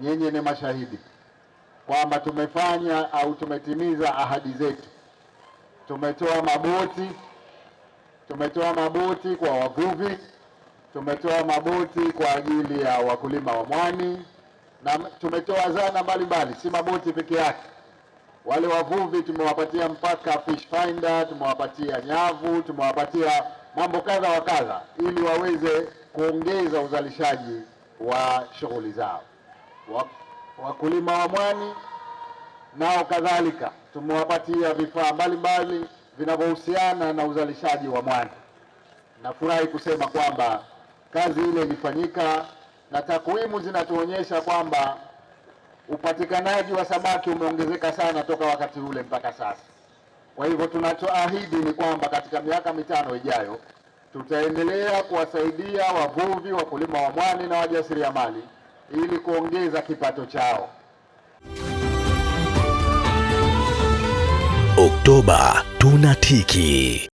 nyinyi ni mashahidi kwamba tumefanya au tumetimiza ahadi zetu. Tumetoa maboti, tumetoa maboti kwa wavuvi, tumetoa maboti kwa ajili ya wakulima wa mwani na tumetoa zana mbalimbali, si maboti peke yake. Wale wavuvi tumewapatia mpaka fish finder, tumewapatia nyavu, tumewapatia mambo kadha wa kadha, ili waweze kuongeza uzalishaji wa shughuli zao wakulima wa mwani nao kadhalika tumewapatia vifaa mbalimbali vinavyohusiana na uzalishaji wa mwani. Nafurahi kusema kwamba kazi ile ilifanyika na takwimu zinatuonyesha kwamba upatikanaji wa samaki umeongezeka sana toka wakati ule mpaka sasa. Kwa hivyo tunachoahidi ni kwamba katika miaka mitano ijayo tutaendelea kuwasaidia wavuvi, wakulima wa mwani na wajasiriamali ili kuongeza kipato chao. Oktoba tunatiki.